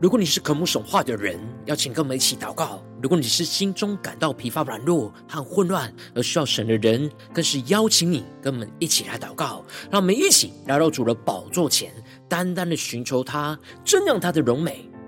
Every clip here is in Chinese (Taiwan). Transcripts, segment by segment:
如果你是渴慕神話的人，邀請跟我們一起禱告；如果你是心中感到疲乏、軟弱和混亂而需要神的人，更是邀請你跟我們一起來禱告。讓我們一起來到主的寶座前，單單的尋求他，瞻仰他的榮美。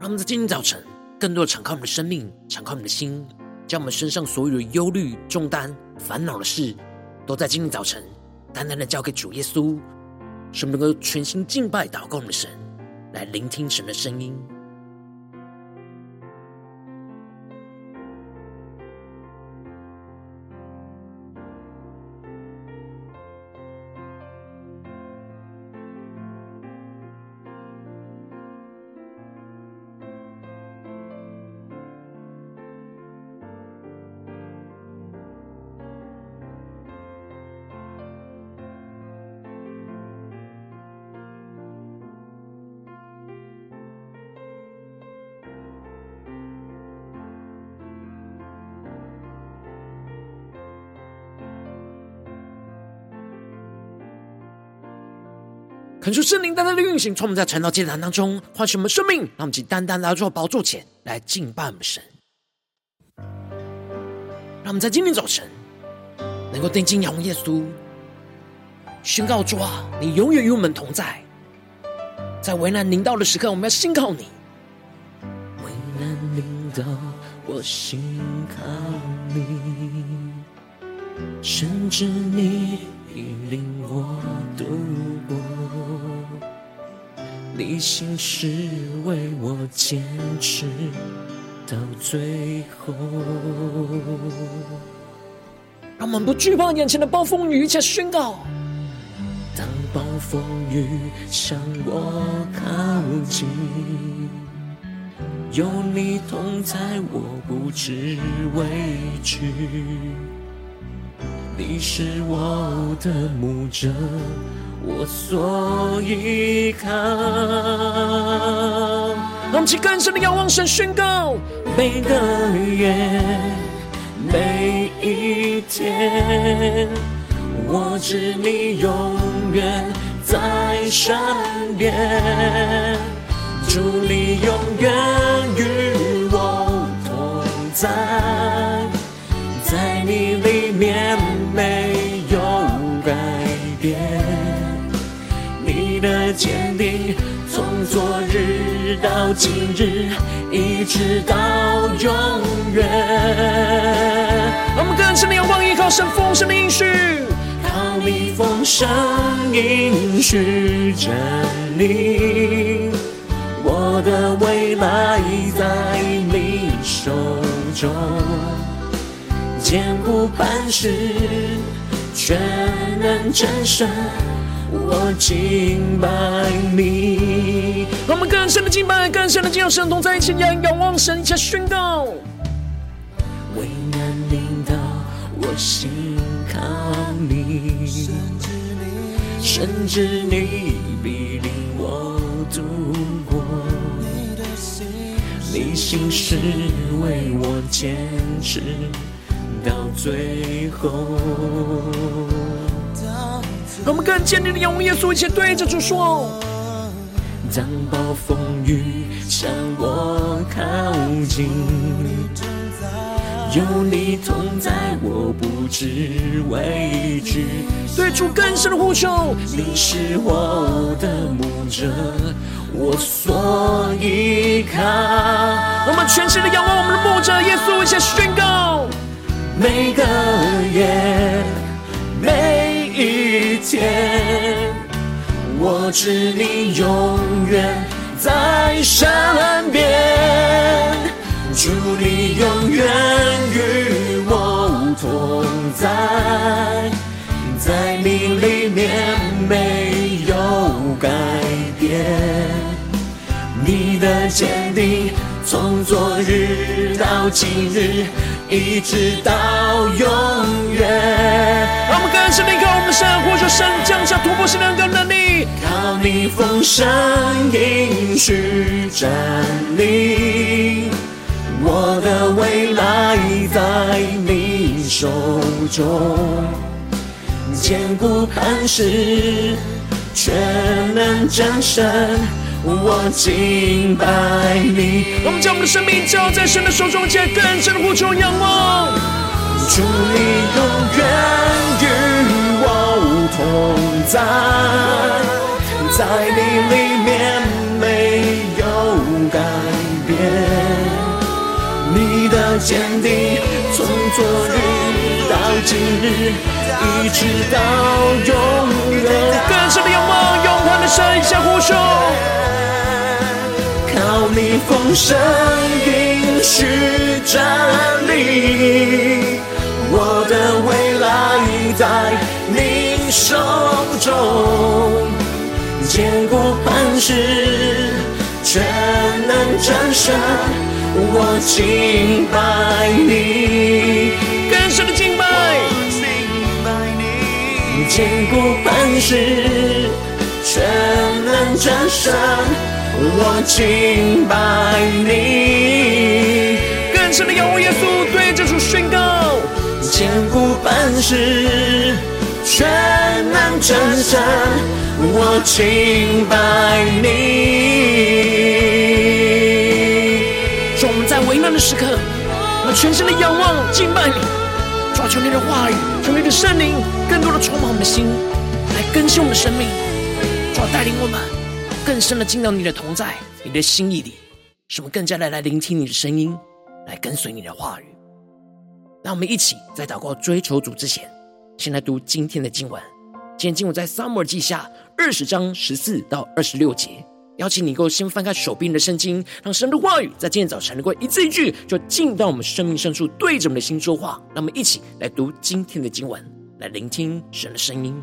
讓我們在今天早晨，更多的敞開我們的生命，敞開我們的心，將我們身上所有的憂慮、重擔、煩惱的事，都在今天早晨，單單的交給主耶穌，使我們能夠全心敬拜、禱告我們的神，來聆聽神的聲音。神，出聖靈單單的運行，從我們在傳道見證當中，喚醒我們生命，讓我們以單單來做寶座前來敬拜我們神。讓我們在今天早晨能夠定睛仰望耶穌，宣告主啊，你永遠與我們同在。”在危難臨到的時刻，我們要信靠你。危難臨到，我信靠你，甚至你。你令我度過，理性是為我堅持。到最後，讓我們不懼怕眼前的暴風雨，且宣告：當暴風雨向我靠近，有你同在，我不知畏懼。你是我的牧者，我所依靠。湧起更深的仰望，神宣告，每個月、每一天，我知你永遠在身邊，主你永遠與我同在，在你裡。年沒有改變，你的堅定從昨日到今日，一直到永遠。我們更是沒有忘義靠神風，神的應靠逆風神應許真理，我的未來在你手中。堅不磐石，全能真神，我敬拜你。讓我們更深的敬拜，更深的敬仰，神同在一起，仰仰望神，下宣告。為難臨到，我信靠你。甚至你，甚至你必領我度過。你的信實為我堅持。到最後，最後我們更堅定地仰望耶穌，一起對着主說：當暴風雨向我靠近，有你同在，我不知畏懼。對主更深的呼求，你是我的牧者，我所依靠。我們全心地仰望我，我們的牧者耶穌，一起宣告。每個月，每一天，我知你永遠在身邊。主你永遠與我同在，在你裡面沒有改變，你的堅定從昨日到今日。一直到永遠。我們跟聖靈靠，我們生活就勝，降下突破是能夠能力。靠你，風聲迎去站立，我的未來在你手中，堅固磐石卻能戰勝。我敬拜你，我們將我們的生命交在神的手中，借更深的呼求仰望，主你永遠與我同在，在你裡面沒有改變，你的堅定從昨日到今日，今日一直到永遠。更深的仰望，再一次呼求，靠你豐盛應許站立，我的未來在你手中。堅固磐石，全能戰勝我，敬拜你，更深的敬拜，我敬拜你，堅固磐石。全能真神，我敬拜你。更深的仰望耶穌，對這主宣告，堅固磐石，全能真神，我敬拜你。主，我，說我們在危難的時刻，我們全身的仰望、敬拜你，抓住你的話語、你的聖靈更多的充滿我們的心，來更新我們的生命。我帶領我們更深的進到你的同在、你的心意裡，使我們更加的來聆聽你的聲音，來跟隨你的話語。讓我們一起在禱告、追求主之前，先來讀今天的經文。今天經文在撒母耳記下二十章十四到二十六節。邀請你能夠先翻開手邊的聖經，讓神的話語在今天早晨能夠一字一句，就進到我們生命深處，對着我們的心說話。讓我們一起來讀今天的經文，來聆聽神的聲音。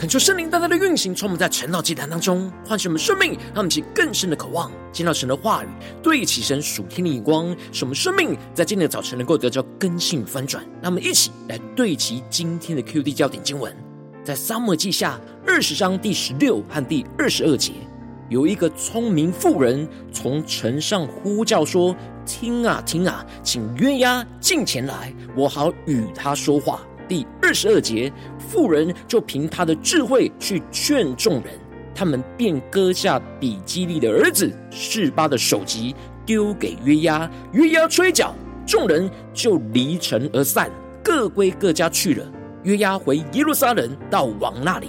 懇求聖靈大大的運行，充滿在晨禱祭壇當中，喚醒我們生命，讓我們起更深的渴望，見到神的話語，對齊神屬天的眼光，使我們生命在今天的早晨能夠得著根性翻轉。讓我們一起來對齊今天的 QT 焦點經文，在撒母耳記下二十章第十六和第二十二節，有一個聰明婦人從城上呼叫說：“聽啊，聽啊，請約押近前來，我好與他說話。”第二十二節，婦人就憑他的智慧去勸眾人，他們便割下比基利的兒子示巴的首級，丟給約押。約押吹角，眾人就離城而散，各歸各家去了。約押回耶路撒冷，到王那裡。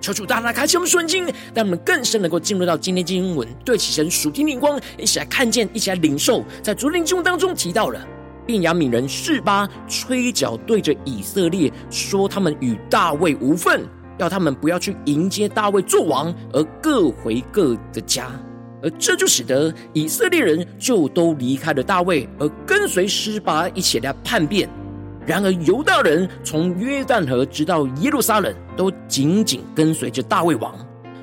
求主大大開啟我們的眼睛，讓我們更深能夠進入到今天經文，對其神屬天靈光，一起來看見，一起來領受，在主林經當中提到了。便雅憫人示巴吹角，對着以色列說：“他們與大衛無分，要他們不要去迎接大衛做王，而各回各的家。”而這就使得以色列人就都離開了大衛，而跟隨示巴一起來叛變。然而猶大人從約旦河直到耶路撒冷，都緊緊跟隨着大衛王。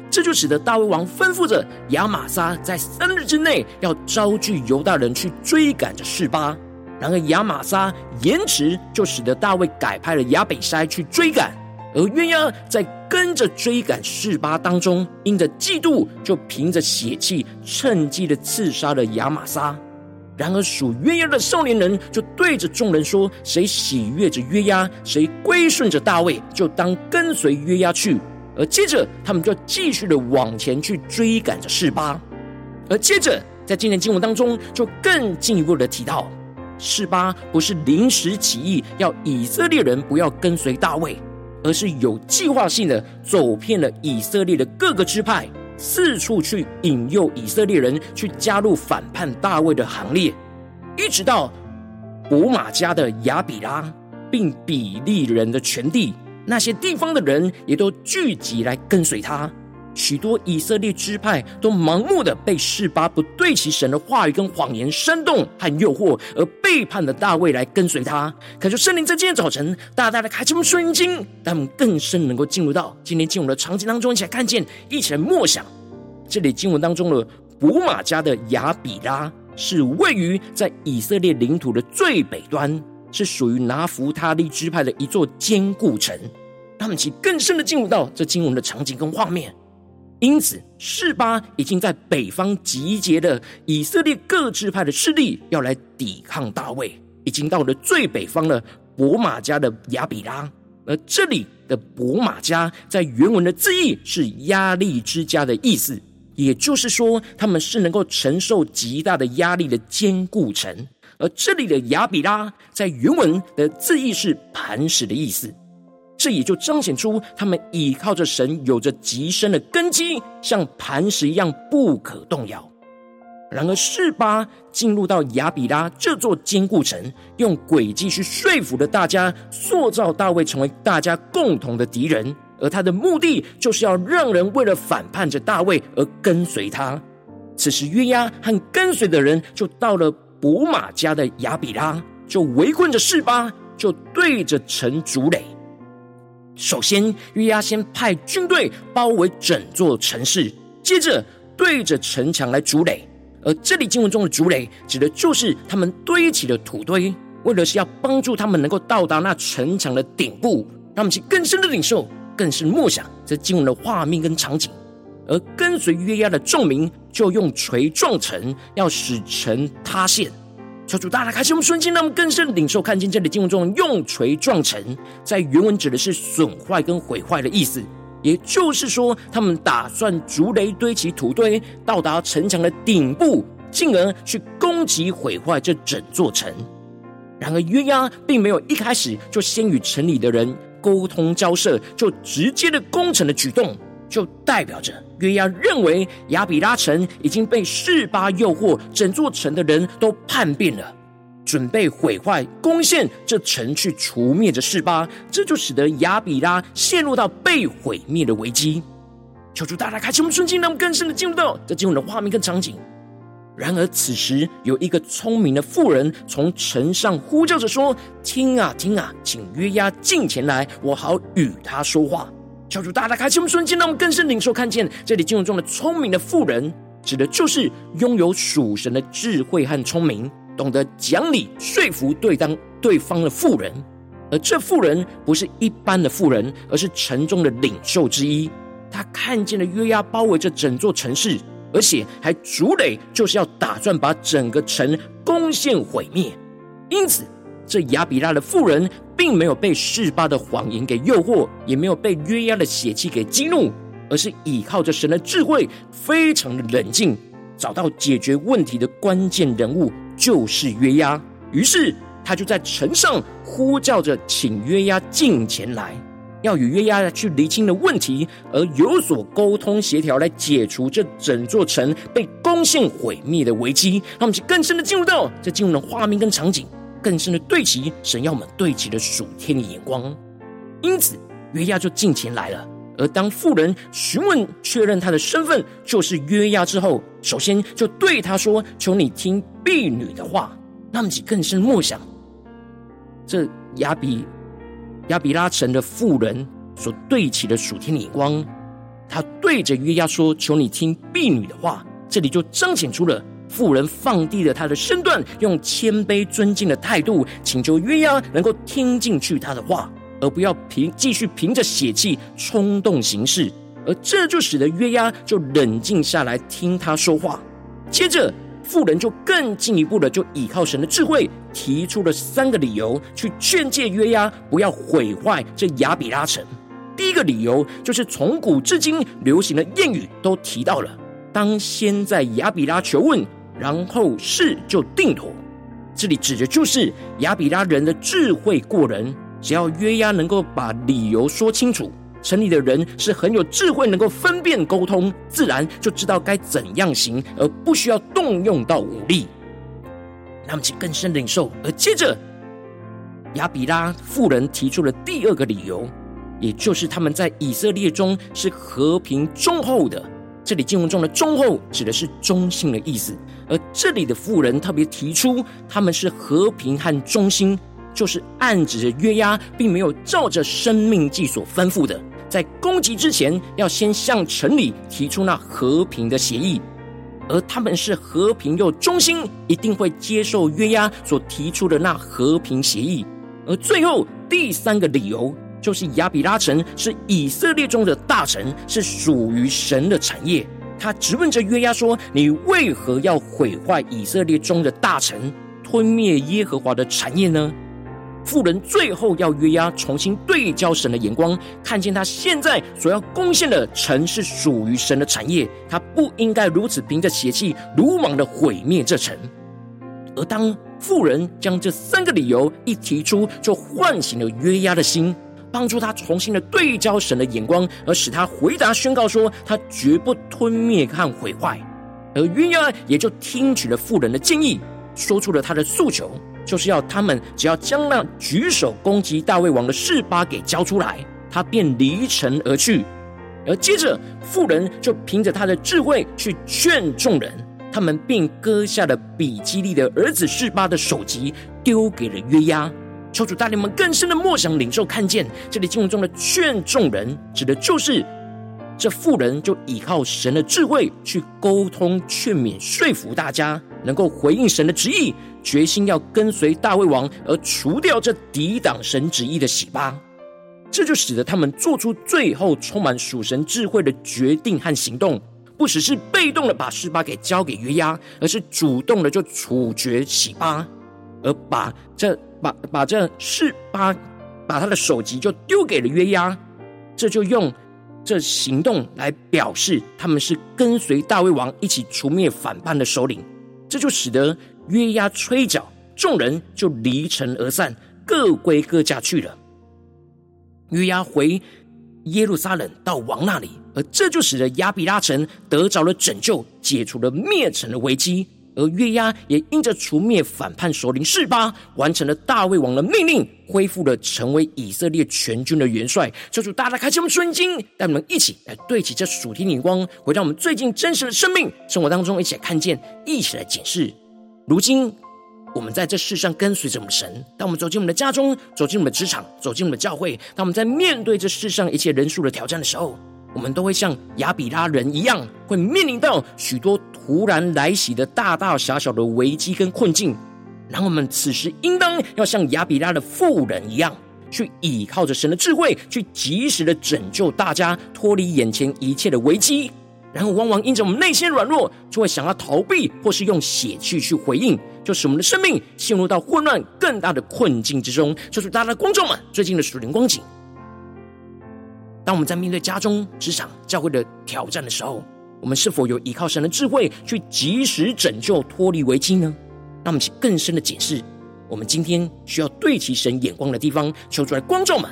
這就使得大衛王吩咐着亞瑪撒，在三日之內要招聚猶大人去追趕着示巴。然而，亞瑪撒延遲，就使得大衛改派了亞比篩去追趕，而約押在跟着追趕示巴當中，因着嫉妒，就憑着血氣，趁機的刺殺了亞瑪撒。然而，屬約押的少年人就對着眾人說：“誰喜悅着約押，誰歸順着大衛，就當跟隨約押去。”而接着，他們就繼續的往前去追趕着示巴。而接着，在今天經文當中，就更進一步的提到。示巴不是臨時起意要以色列人不要跟隨大衛，而是有計劃性的走遍了以色列的各個支派，四處去引誘以色列人去加入反叛大衛的行列，一直到伯瑪迦的亞比拉，並比利人的全地，那些地方的人也都聚集來跟隨他。許多以色列支派都盲目的被示巴不對其神的話語跟謊言煽動和誘惑而背叛的大衛，來跟隨他。可是聖靈在今天早晨，大大的開啟我們聖經，讓我們更深能夠進入到今天經文的場景當中，一起來看見，一起來默想這裡經文當中的伯瑪迦的亞比拉，是位於在以色列領土的最北端，是屬於拿弗他利支派的一座堅固城。讓我們一起更深的進入到這經文的場景跟畫面。因此，示巴已經在北方集結了以色列各支派的勢力，要來抵抗大衛，已經到了最北方的伯瑪迦的亞比拉。而這裡的伯瑪迦在原文的字義是“壓力之家”的意思，也就是說，他們是能夠承受極大的壓力的堅固城。而這裡的亞比拉在原文的字義是“磐石”的意思。這也就彰顯出他們倚靠着神有着極深的根基，像磐石一樣不可動搖。然而，示巴進入到亞比拉這座堅固城，用詭計去說服了大家，塑造大衛成為大家共同的敵人。而他的目的就是要讓人為了反叛着大衛而跟隨他。此時，約押和跟隨的人就到了伯瑪迦的亞比拉，就圍困着示巴，就對着城築壘。首先，約押先派軍隊包圍整座城市，接着對着城牆來築壘。而這裡經文中的“築壘”指的就是他們堆起的土堆，為的是要幫助他們能夠到達那城牆的頂部。讓我們去更深的領受，更是默想這經文的畫面跟場景。而跟隨約押的眾民就用錘撞城，要使城塌陷。求主大大開啟我們聖經，讓我們更深的領受，看見這裡經文中種用錘撞城”，在原文指的是損壞跟毀壞的意思。也就是說，他們打算逐雷堆起土堆，到達城牆的頂部，進而去攻擊毀壞這整座城。然而，鴛鴦並沒有一開始就先與城裡的人溝通交涉，就直接的攻城的舉動。就代表着約押認為雅比拉城已經被示巴誘惑，整座城的人都叛變了，準備毀壞、攻陷這城去除滅這示巴，這就使得亞比拉陷入到被毀滅的危機。求主，大家開啟我們聖經，讓我們更深的進入到這進入的畫面跟場景。然而，此時有一個聰明的婦人從城上呼叫着說：“聽啊，聽啊，請約押近前來，我好與他說話。”求主大大開啟，我們順境，讓我們更深領受看見這裡經文中的聰明的婦人，指的就是擁有屬神的智慧和聰明，懂得講理說服對當對方的婦人。而這婦人不是一般的婦人，而是城中的領袖之一。他看見了約押包圍着整座城市，而且還築壘，就是要打算把整個城攻陷毀滅。因此。這亞比拉的婦人，並沒有被示巴的謊言給誘惑，也沒有被約押的血氣給激怒，而是依靠着神的智慧，非常的冷靜，找到解決問題的關鍵人物就是約押。於是他就在城上呼叫着，請約押近前來，要與約押去釐清的問題，而有所溝通協調，來解除這整座城被攻陷毀滅的危機。那麼就更深的進入到這進入的畫面跟場景。更深的對齊神要我們對齊的屬天的眼光，因此約押就近前來了。而當婦人詢問確認她的身份就是約押之後，首先就對他說：“求你聽婢女的話。”那麼，只更深默想這亞比亞比拉城的婦人所對齊的屬天的眼光，他對着約押說：“求你聽婢女的話。”這裡就彰顯出了。婦人放低了他的身段，用謙卑尊敬的態度請求約押能夠聽進去他的話，而不要憑繼續憑着血氣衝動行事，而這就使得約押就冷靜下來聽他說話。接着，婦人就更進一步的就倚靠神的智慧，提出了三個理由去勸誡約押不要毀壞這亞比拉城。第一個理由就是從古至今流行的諺語都提到了，當先在亞比拉求問。然後事就定妥，這裡指的就是亞比拉人的智慧過人。只要約押能夠把理由說清楚，城裡的人是很有智慧，能夠分辨溝通，自然就知道該怎樣行，而不需要動用到武力。那麼，請更深領受。而接着，亞比拉婦人提出了第二個理由，也就是他們在以色列中是和平忠厚的。這裡經文中的“忠厚”指的是忠心的意思，而這裡的婦人特別提出他們是和平和忠心，就是暗指着約押並沒有照着《申命記》所吩咐的，在攻擊之前要先向城裡提出那和平的協議，而他們是和平又忠心，一定會接受約押所提出的那和平協議，而最後第三個理由。就是亞比拉城是以色列中的大城，是屬於神的產業。他質問着約壓說：“你為何要毀壞以色列中的大城，吞滅耶和華的產業呢？”富人最後要約壓重新對焦神的眼光，看見他現在所要攻陷的城是屬於神的產業，他不應該如此憑着邪氣魯莽的毀滅這城。而當富人將這三個理由一提出，就喚醒了約壓的心。幫助他重新的對焦神的眼光，而使他回答宣告說：“他絕不吞滅和毀壞。”而約押也就聽取了婦人的建議，說出了他的訴求，就是要他們只要將那舉手攻擊大衛王的示巴給交出來，他便離城而去。而接着，婦人就憑着他的智慧去勸眾人，他們便割下了比基利的兒子示巴的首級，丟給了約押。求主帶領我們更深的默想、領受、看見這裡經文中的勸眾人，指的就是這婦人就倚靠神的智慧去溝通、勸勉、說服大家，能夠回應神的旨意，決心要跟隨大衛王而除掉這抵擋神旨意的示巴。這就使得他們做出最後充滿屬神智慧的決定和行動，不只是被動的把示巴給交給約押，而是主動的就處決示巴，而把這。把把這示巴，把他的首級就丟給了約押，這就用這行動來表示他們是跟隨大衛王一起除滅反叛的首領，這就使得約押吹角，眾人就離城而散，各歸各家去了。約押回耶路撒冷，到王那裡，而這就使得亞比拉城得着了拯救，解除了滅城的危機。而約押也因着除滅反叛首領示巴，完成了大衛王的命令，恢復了成為以色列全軍的元帥。求主大大的開啟我們聖經，帶我們一起來對齊這主題眼光，回到我們最近真實的生命生活當中，一起來看見，一起來檢視。如今我們在這世上跟隨着我們的神，當我們走進我們的家中，走進我們的職場，走進我們的教會，當我們在面對這世上一切人數的挑戰的時候，我們都會像亞比拉人一樣，會面臨到許多突然來襲的大大、小小的危機跟困境。然後我們此時應當要像亞比拉的婦人一樣，去倚靠着神的智慧，去及時的拯救大家脫離眼前一切的危機。然後往往因着我們內心軟弱，就會想要逃避，或是用血氣去回應，就使我們的生命陷入到混亂、更大的困境之中。就是大家的觀眾們最近的屬靈光景。當我們在面對家中、職場、教會的挑戰的時候，我們是否有倚靠神的智慧去即時拯救、脫離危機呢？那我們請更深的解釋，我們今天需要對齊神眼光的地方。求主來光照我們。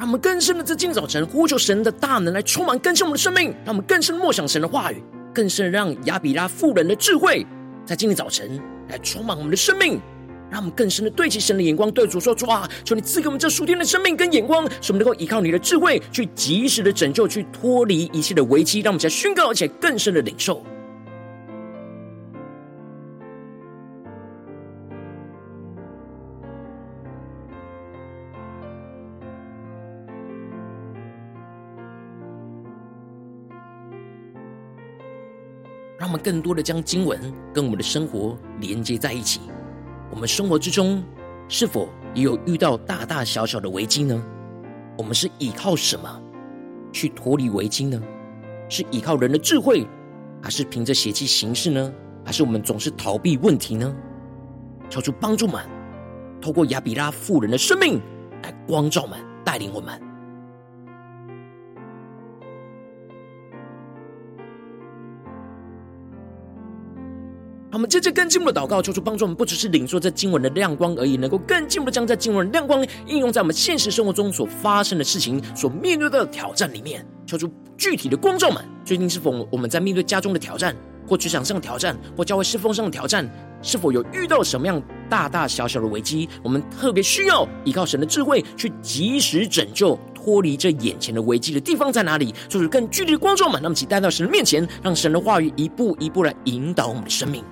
讓我們更深的在今早晨呼求神的大能來充滿更新我們的生命，讓我們更深的默想神的話語，更深的讓亞比拉婦人的智慧在今天早晨來充滿我們的生命，讓我們更深的對齊神的眼光，對主說：主啊，求你賜給我們這屬天的生命跟眼光，使我們能夠倚靠你的智慧去及時的拯救，去脫離一切的危機，讓我們在宣告，而且更深的領受。他們更多的將經文跟我們的生活連接在一起。我們生活之中是否也有遇到大大小小的危機呢？我們是依靠什麼去脫離危機呢？是依靠人的智慧，還是憑着血氣行事呢？還是我們總是逃避問題呢？求主幫助我們，透過亞比拉婦人的生命來光照我們，帶領我們。我們接着更進一步的禱告，求主幫助我們，不只是領受這經文的亮光而已，能夠更進一步的將這經文的亮光應用在我們現實生活中所發生的事情、所面對到的挑戰裡面。求主具體的光照們，最近是否我們在面對家中的挑戰，或職場上的挑戰，或教會侍奉上的挑戰，是否有遇到什麼樣大大小小的危機？我們特別需要依靠神的智慧，去及時拯救脫離這眼前的危機的地方在哪裡？求主更具體的光照們，那麼請帶到神的面前，讓神的話語一步一步來引導我們的生命。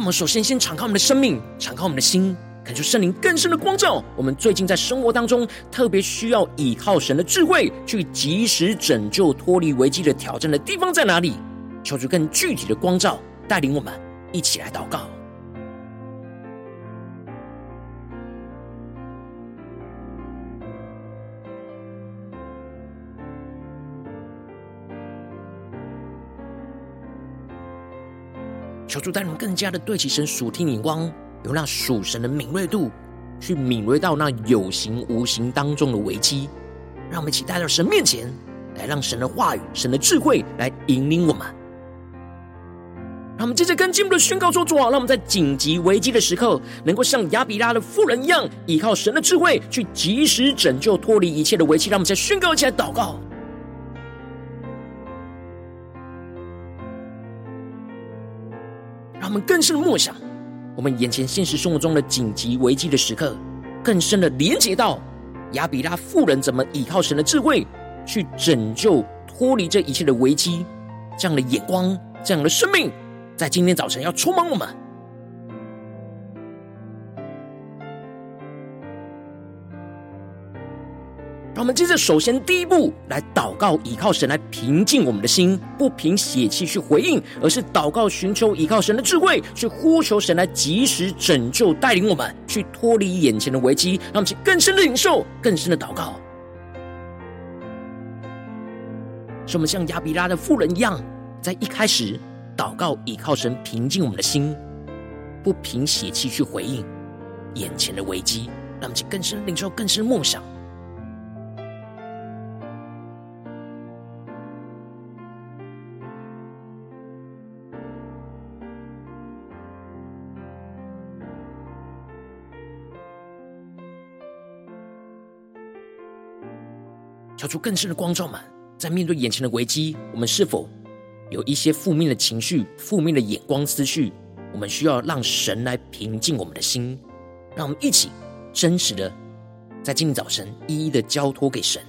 我們首先，先敞開我們的生命，敞開我們的心，懇求聖靈更深的光照。我們最近在生活當中，特別需要倚靠神的智慧，去及時拯救脫離危機的挑戰的地方在哪裡？求主更具體的光照，帶領我們一起來禱告。求主帶領我們更加的對齊神屬天眼光，有那屬神的敏銳度，去敏銳到那有形無形當中的危機。讓我們一起帶到神面前，來讓神的話語、神的智慧來引領我們。讓我們接着跟進我們的宣告，做主。讓我們在緊急危機的時刻，能夠像亞比拉的婦人一樣，依靠神的智慧去及時拯救脫離一切的危機。讓我們再宣告一起來禱告。我們更深的默想，我們眼前現實生活中的緊急危機的時刻，更深的連接到亞比拉婦人怎麼倚靠神的智慧去拯救脫離這一切的危機，這樣的眼光，這樣的生命，在今天早晨要充滿我們。我們接着，首先第一步來禱告，倚靠神來平靜我們的心，不憑血氣去回應，而是禱告，尋求倚靠神的智慧，去呼求神來及時拯救、帶領我們，去脫離眼前的危機。讓其更深的領受、更深的禱告，使我們像亞比拉的婦人一樣，在一開始禱告，倚靠神平靜我們的心，不憑血氣去回應眼前的危機。讓其更深的領受、更深的夢想。出更深的光照嗎？在面對眼前的危機，我們是否有一些負面的情緒、負面的眼光、思緒？我們需要讓神來平靜我們的心，讓我們一起真實的在今天早晨一一的交托給神。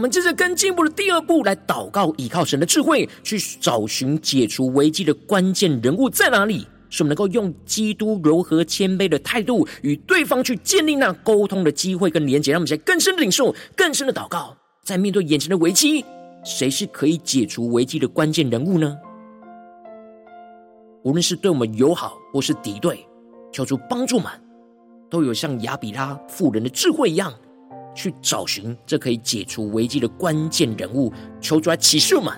我們接着跟進步的第二步，來禱告，倚靠神的智慧去找尋解除危機的關鍵人物在哪裡？使我們能夠用基督柔和謙卑的態度與對方去建立那溝通的機會跟連接，讓我們在更深的領受、更深的禱告，在面對眼前的危機，誰是可以解除危機的關鍵人物呢？無論是對我們友好或是敵對，求主幫助們都有像亞比拉婦人的智慧一樣。去找尋這可以解除危機的關鍵人物，求主來起訴嘛。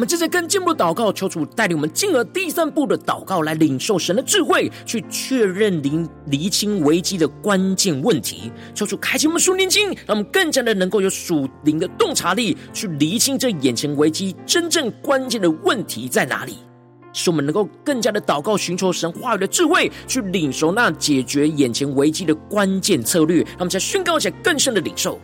我們正在跟進步的禱告，求主帶領我們進入第三步的禱告，來領受神的智慧，去確認、離釐清危機的關鍵問題。求主開啟我們屬靈經，讓我們更加的能夠有屬靈的洞察力，去釐清這眼前危機真正關鍵的問題在哪裡。使我們能夠更加的禱告，尋求神話語的智慧，去領受那解決眼前危機的關鍵策略。那我們宣告，且更深的領受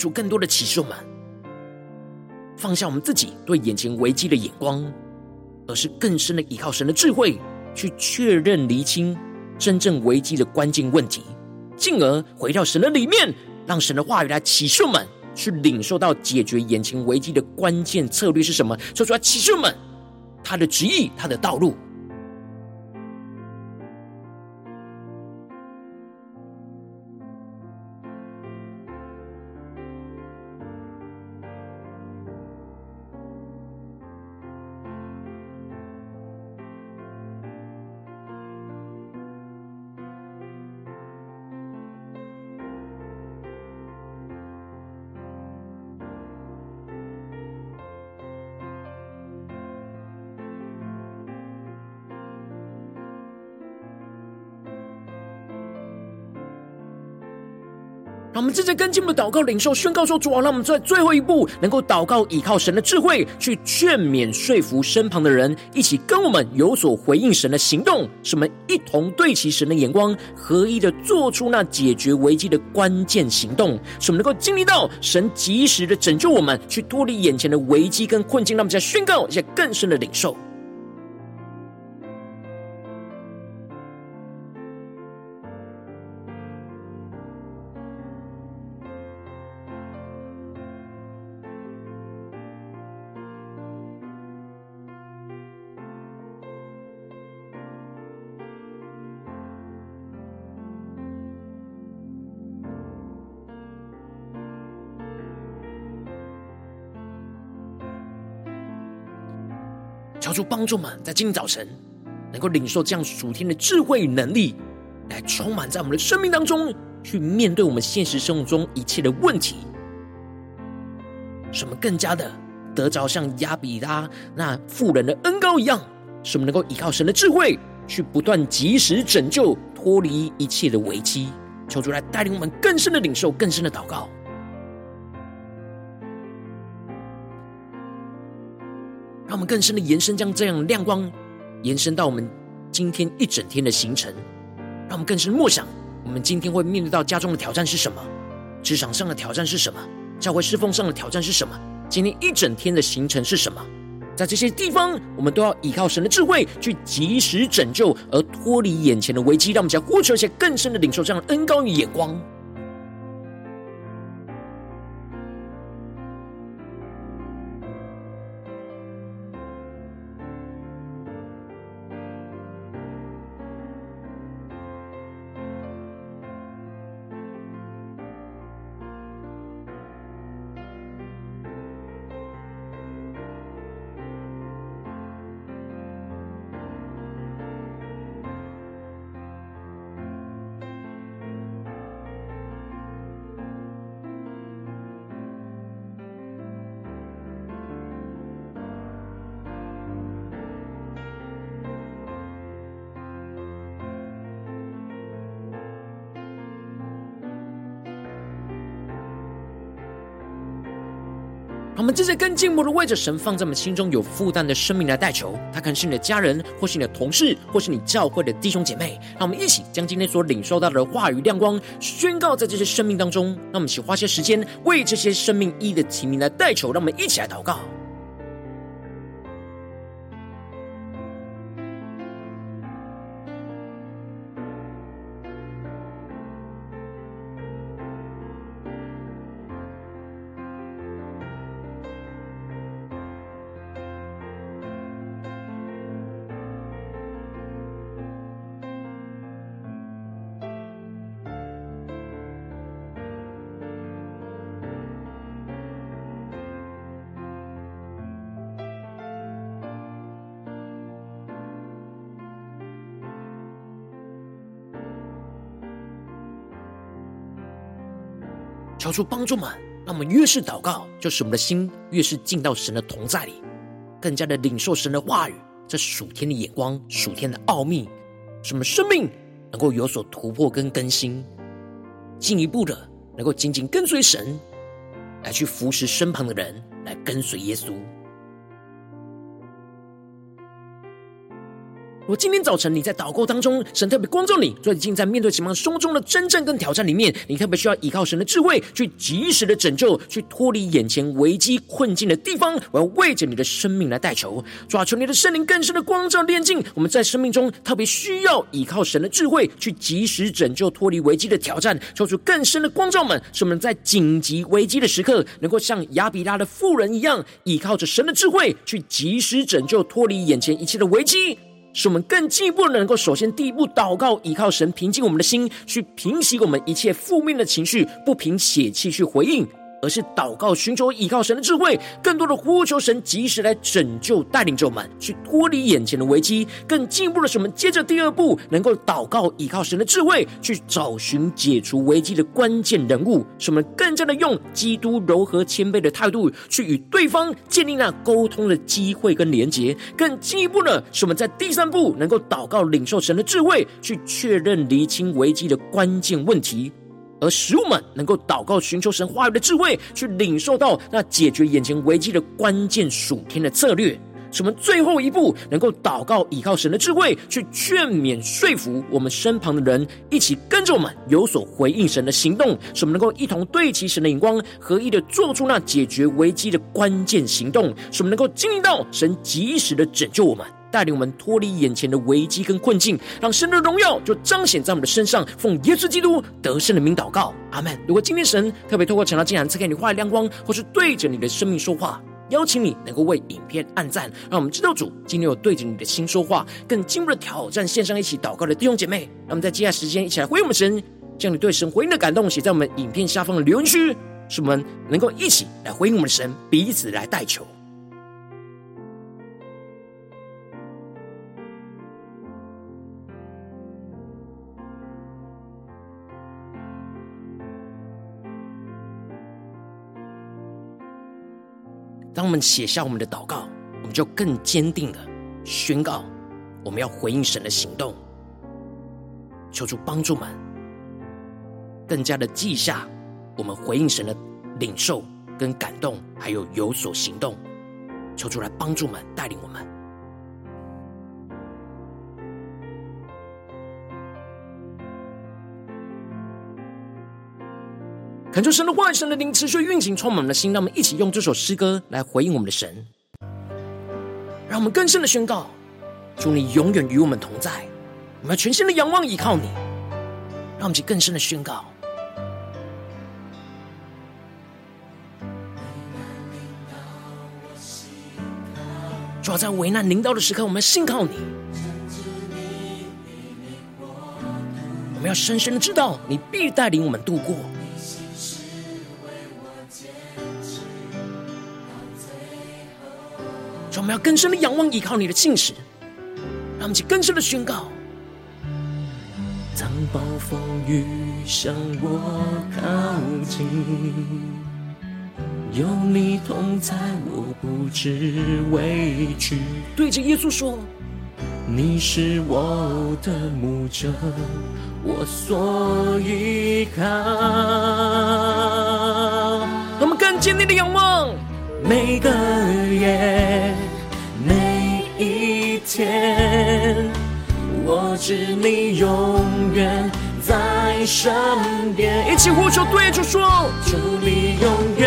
出更多的啟示我們，放下我們自己對眼前危機的眼光，而是更深的依靠神的智慧去確認釐清真正危機的關鍵問題，進而回到神的裡面，讓神的話語來啟示我們去領受到解決眼前危機的關鍵策略是什麼。說出來，啟示我們，他的旨意，他的道路。正在跟進的禱告領受，宣告說：“主啊，讓我們在最後一步，能夠禱告，依靠神的智慧去勸勉、說服身旁的人，一起跟我們有所回應神的行動。使我們一同對齊神的眼光，合一的做出那解決危機的關鍵行動。使我們能夠經歷到神及時的拯救我們，去脫離眼前的危機跟困境。讓我們再宣告一下更深的領受。”求主幫，幫助們，在今天早晨能夠領受這樣屬天的智慧與能力，來充滿在我們的生命當中，去面對我們現實生活中一切的問題。使我們更加的得着像亞比拉那婦人的恩膏一樣，使我們能夠倚靠神的智慧，去不斷及時拯救脫離一切的危機。求主來帶領我們更深的領受，更深的禱告。我們更深的延伸，將這樣的亮光延伸到我們今天一整天的行程。讓我們更深默想，我們今天會面對到家中的挑戰是什麼？職場上的挑戰是什麼？教會侍奉上的挑戰是什麼？今天一整天的行程是什麼？在這些地方，我們都要倚靠神的智慧去及時拯救，而脫離眼前的危機。讓我們在去，而且更深的領受這樣的恩膏與眼光。這些跟寂不的為着神放在我們心中有負擔的生命來代求。他可能是你的家人，或是你的同事，或是你教會的弟兄姐妹。讓我們一起將今天所領受到的話語亮光宣告在這些生命當中。讓我們一起花些時間為這些生命一一的提名來代求。讓我們一起來禱告。求出幫助嘛，那麼越是禱告，就是我們的心越是進到神的同在裡，更加的領受神的話語，這屬天的眼光、屬天的奧秘，使我們生命能夠有所突破跟更新，進一步的能夠緊緊跟隨神，來去扶持身旁的人，來跟隨耶穌。如果今天早晨，你在禱告當中，神特別光照你。最近在面對急忙胸中的真正跟挑戰裡面，你特別需要倚靠神的智慧，去及時的拯救，去脫離眼前危機困境的地方。我要為着你的生命來代求。主啊，求你的聖靈更深的光照鏈鏡。我們在生命中特別需要倚靠神的智慧，去及時拯救脫離危機的挑戰，抽出更深的光照們，使我們在緊急危機的時刻，能夠像亞比拉的婦人一樣，倚靠着神的智慧，去及時拯救脫離眼前一切的危機。使我們更進一步的能夠，首先第一步禱告，依靠神平靜我們的心，去平息我們一切負面的情緒，不憑血氣去回應。而是禱告，尋求倚靠神的智慧，更多的呼求神及時來拯救帶領我們，去脫離眼前的危機。更進一步的是，我們接着第二步，能夠禱告倚靠神的智慧，去找尋解除危機的關鍵人物。使我們更加的用基督柔和謙卑的態度，去與對方建立那溝通的機會跟連結。更進一步的，使我們在第三步能夠禱告領受神的智慧，去確認釐清危機的關鍵問題。而使我們能夠禱告，尋求神話語的智慧，去領受到那解決眼前危機的關鍵屬天的策略。使我們最後一步能夠禱告，倚靠神的智慧，去勸勉、說服我們身旁的人，一起跟着我們有所回應神的行動。使我們能夠一同對齊神的眼光，合一的做出那解決危機的關鍵行動。使我們能夠經歷到神及時的拯救我們。帶領我們脫離眼前的危機跟困境，讓神的榮耀就彰顯在我們的身上。奉耶穌基督得勝的名禱告，阿門。如果今天神特別透過晨禱祭壇賜給你話語亮光，或是對着你的生命說話，邀請你能夠為影片按讚。讓我們知道主今天有對着你的心說話，更進步的挑戰線上一起禱告的弟兄姐妹。讓我們在接下來時間一起來回應我們神，將你對神回應的感動寫在我們影片下方的留言區，使我們能夠一起來回應我們神，彼此來代求。們寫下我們的禱告，我們就更堅定的宣告，我們要回應神的行動，求主幫助們，更加的記下我們回應神的領受跟感動，還有有所行動，求主來幫助們帶領我們。求神的愛，神的靈持續運行，充滿我們的心。讓我們一起用這首詩歌來回應我們的神。讓我們更深的宣告，主，你永遠與我們同在。我們要全心的仰望、依靠你。讓我們去更深的宣告，主啊，在危難臨到的時刻，我們要信靠你。我們要深深的知道，你必帶領我們度過。我們要更深的仰望，依靠你的信實，讓我們更深的宣告。當暴風雨向我靠近，有你同在，我不知畏懼。對着耶穌說：“你是我的牧者，我所依靠。”我們更堅定的仰望，每個夜天，我知你永遠在身邊。一起呼求，對着說，主你永遠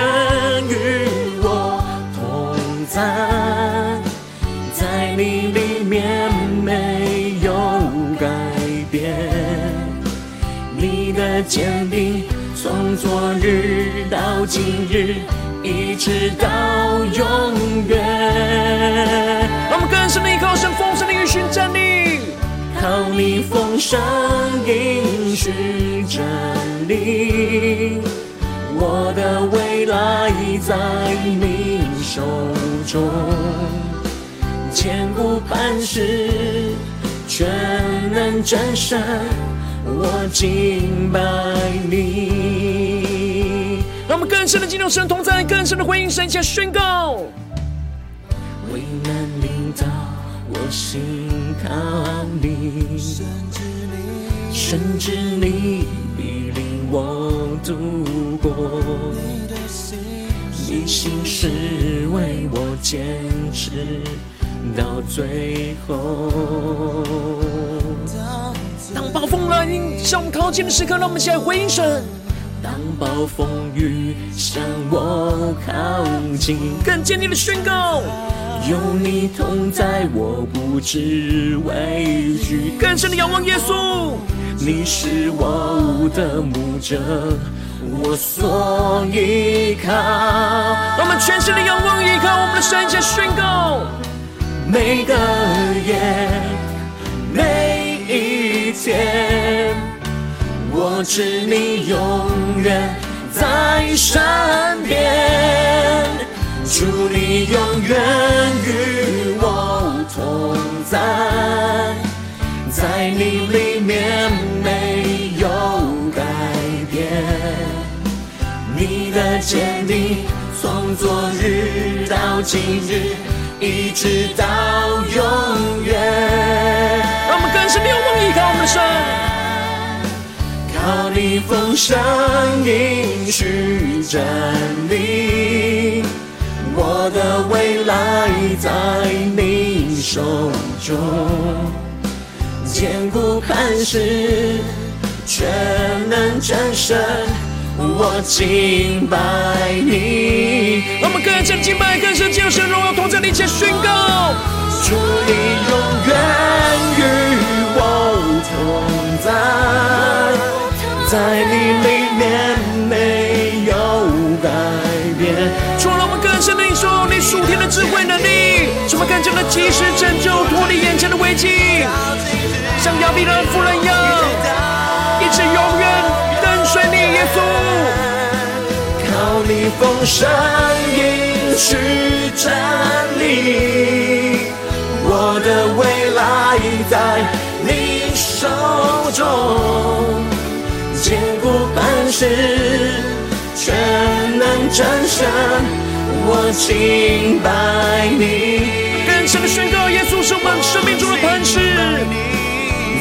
與我同在，在你裡面沒有改變，你的堅定從昨日到今日。一直到永遠。我們更深的倚靠神，豐盛的遇尋真理。靠你豐盛應許真理，我的未來在你手中。千古磐石全能戰勝，我敬拜你。讓我們更深的進入神同在，更深的回應神，且宣告。為難臨到我心，靠你，甚至你，甚至你必領我度過。你的心，你心是為我堅持到最後。當暴風來臨向我們靠近的時刻，讓我們起來回應神。當暴風雨向我靠近，更堅定的宣告，有你同在，我不知畏懼。更深的仰望耶穌，你是我的牧者，我所依靠。我們全心的仰望依靠，我們深情的宣告，每個夜，每一天。我知你永遠在身邊，主你永遠與我同在，在你裡面沒有改變。你的堅定從昨日到今日，一直到永遠。那我們更深有目一靠我們上把你豐盛應許佔領，我的未來在你手中。堅固磐石，全能戰勝，我敬拜你。我們個人敬拜，更深進入神榮耀同在的一切宣告。主，你永遠與我同在。在你裡面沒有改變。除了我們感謝你說，擁有你屬天的智慧能力，主麼更能及時拯救脫離眼前的危機，像亞比拉婦人一樣，一直永遠跟隨你耶穌。靠你豐盛應許站立，我的未來在你手中。堅固磐石，全能戰勝。我敬拜你。更深的宣告，耶穌是我們生命中的磐石。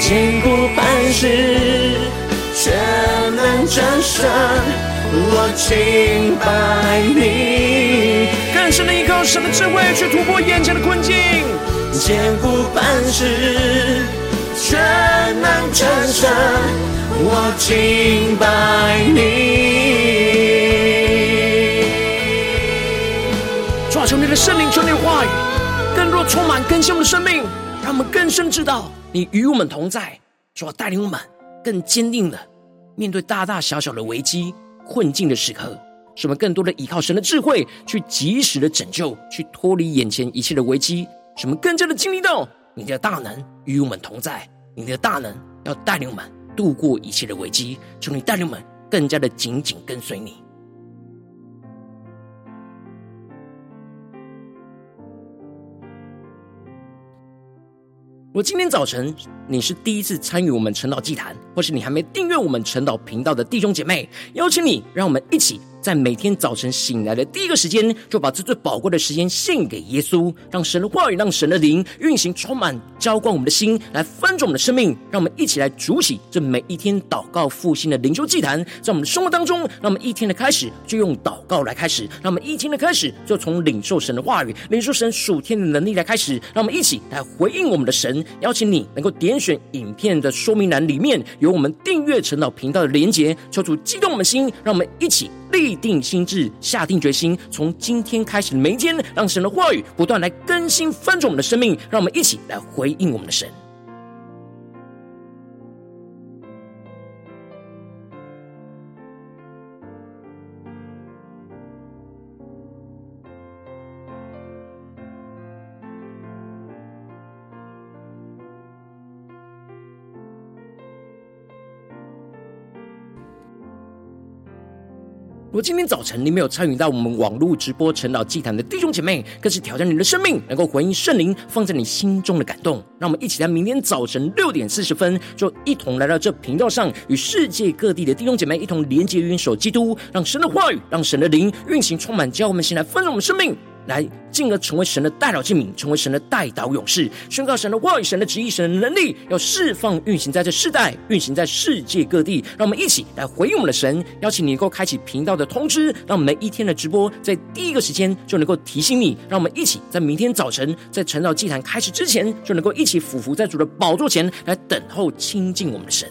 堅固磐石，全能戰勝。我敬拜你。更深的依靠神的智慧去突破眼前的困境。堅固磐石。全能的神，我敬拜你。主啊，求祢的聖靈，求祢話語，更多充滿更新的生命，讓我們更深知道你與我們同在。主啊，帶領我們更堅定的面對大大小小的危機困境，的時刻，使我們更多的依靠神的智慧去及時的拯救，去脫離眼前一切的危機。使我們更加的經歷到你的大能與我們同在。你的大能要帶領我們度過一切的危機，求你帶領我們更加的緊緊跟隨你。我今天早晨，你是第一次參與我們晨禱祭壇，或是你還沒訂閱我們晨禱頻道的弟兄姐妹，邀請你讓我們一起。在每天早晨醒來的第一個時間，就把這最寶貴的時間獻給耶穌，讓神的話語，讓神的靈運行，充滿澆灌我們的心，來翻轉我們的生命。讓我們一起來築起這每一天禱告復興的靈修祭壇，在我們的生活當中，讓我們一天的開始就用禱告來開始，讓我們一天的開始就從領受神的話語，領受神屬天的能力來開始。讓我們一起來回應我們的神，邀請你能夠點選影片的說明欄裡面有我們訂閱晨禱頻道的連結，求主激動我們的心，讓我們一起。立定心志，下定決心，從今天開始的每一天，讓神的話語不斷來更新翻轉我們的生命，讓我們一起來回應我們的神。如果今天早晨你沒有參與到我們網絡直播晨禱祭壇的弟兄姐妹，更是挑戰你的生命，能夠回應聖靈放在你心中的感動。讓我們一起在明天早晨六點四十分，就一同來到這頻道上，與世界各地的弟兄姐妹一同連接、於元首基督，讓神的話語、讓神的靈運行充滿，叫我們醒來，豐盛我們生命。來，進而成為神的代禱器皿，成為神的代禱勇士，宣告神的話語、神的旨意、神的能力，要釋放運行在這世代，運行在世界各地。讓我們一起來回應我們的神，邀請你能夠開啟頻道的通知，讓我們每一天的直播在第一個時間就能夠提醒你。讓我們一起在明天早晨在晨禱祭壇開始之前，就能夠一起俯伏在主的寶座前來等候親近我們的神。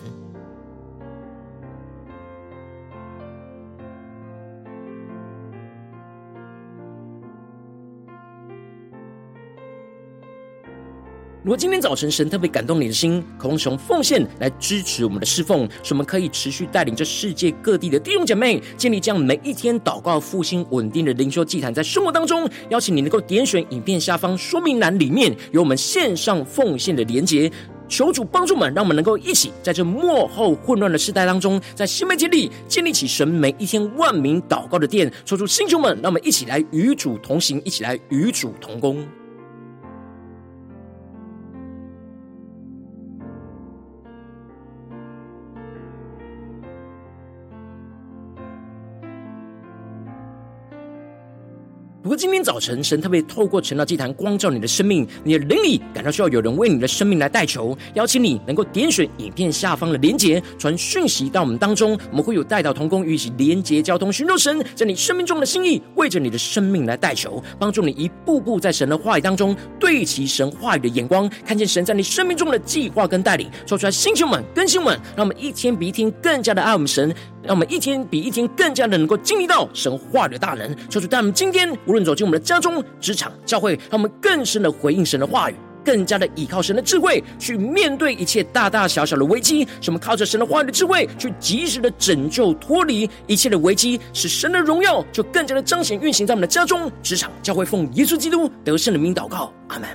如果今天早晨神特別感動你的心，渴望使用奉獻來支持我們的侍奉，使我們可以持續帶領着世界各地的弟兄姐妹建立這樣每一天禱告復興穩定的靈修祭壇，在生活當中，邀請你能夠點選影片下方說明欄裡面有我們線上奉獻的連結，求主幫助們，讓我們能夠一起在這末後混亂的世代當中，在新媒體裡建立起神每一天萬民禱告的殿，求助星球們，讓我們一起來與主同行，一起來與主同工。如果今天早晨神特別透過晨禱祭壇，光照你的生命，你的靈裡感到需要有人為你的生命來代求，邀請你能夠點選影片下方的連結，傳訊息到我們當中，我們會有代禱同工與一起連結交通尋，尋求神在你生命中的心意，為着你的生命來代求，幫助你一步步在神的話語當中對齊神話語的眼光，看見神在你生命中的計劃跟帶領。說出來，心情們，更新們，讓我們一天比一天更加的愛我們神，讓我們一天比一天更加的能夠經歷到神話語的大能。說出來，但我們今天無論。走進我們的家中、職場、教會，他們更深的回應神的話語，更加的倚靠神的智慧去面對一切大大小小的危機。什麼靠着神的話語的智慧去及時的拯救、脫離一切的危機，使神的榮耀就更加的彰顯運行在我們的家中、職場、教會。奉耶穌基督得勝的名禱告，阿門。